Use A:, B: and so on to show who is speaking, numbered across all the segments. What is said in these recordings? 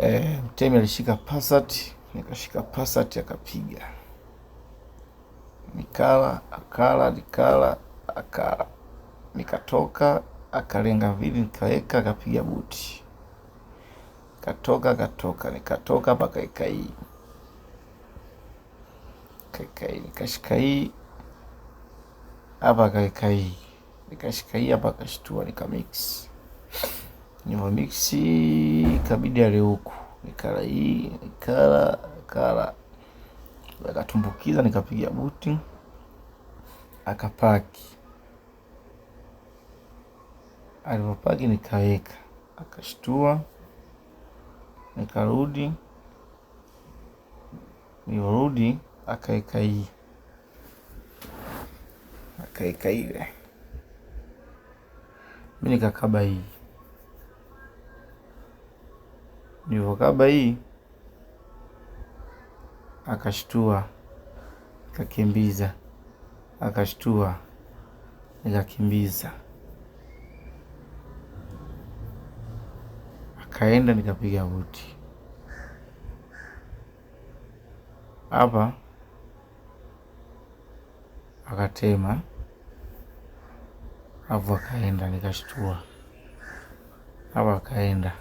A: Eh, Mtemi alishika Passat, nikashika Passat akapiga, nikala akala nikala akala, nikatoka akalenga vili, nikaweka akapiga buti, katoka katoka, nikatoka mpaka ikai kaikai, nikashika hii hapa kaikai, nikashika hii hapa, akashtua nikamix nimamiksi kabidi ale huku nikala hii nikala kala, akatumbukiza nikapiga buti akapaki. Alipopaki nikaweka akashtua, nikarudi. Nilirudi akaweka hii akaweka ile, mi nikakaba hii Nilivyokaba hii akashtua, nikakimbiza, akashtua, nikakimbiza, akaenda, nikapiga buti hapa, akatema, hapo, akaenda, nikashtua hapa, akaenda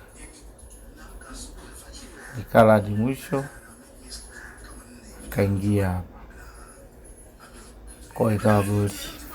A: nikala hadi mwisho, nikaingia hapa kwa ikawa goli.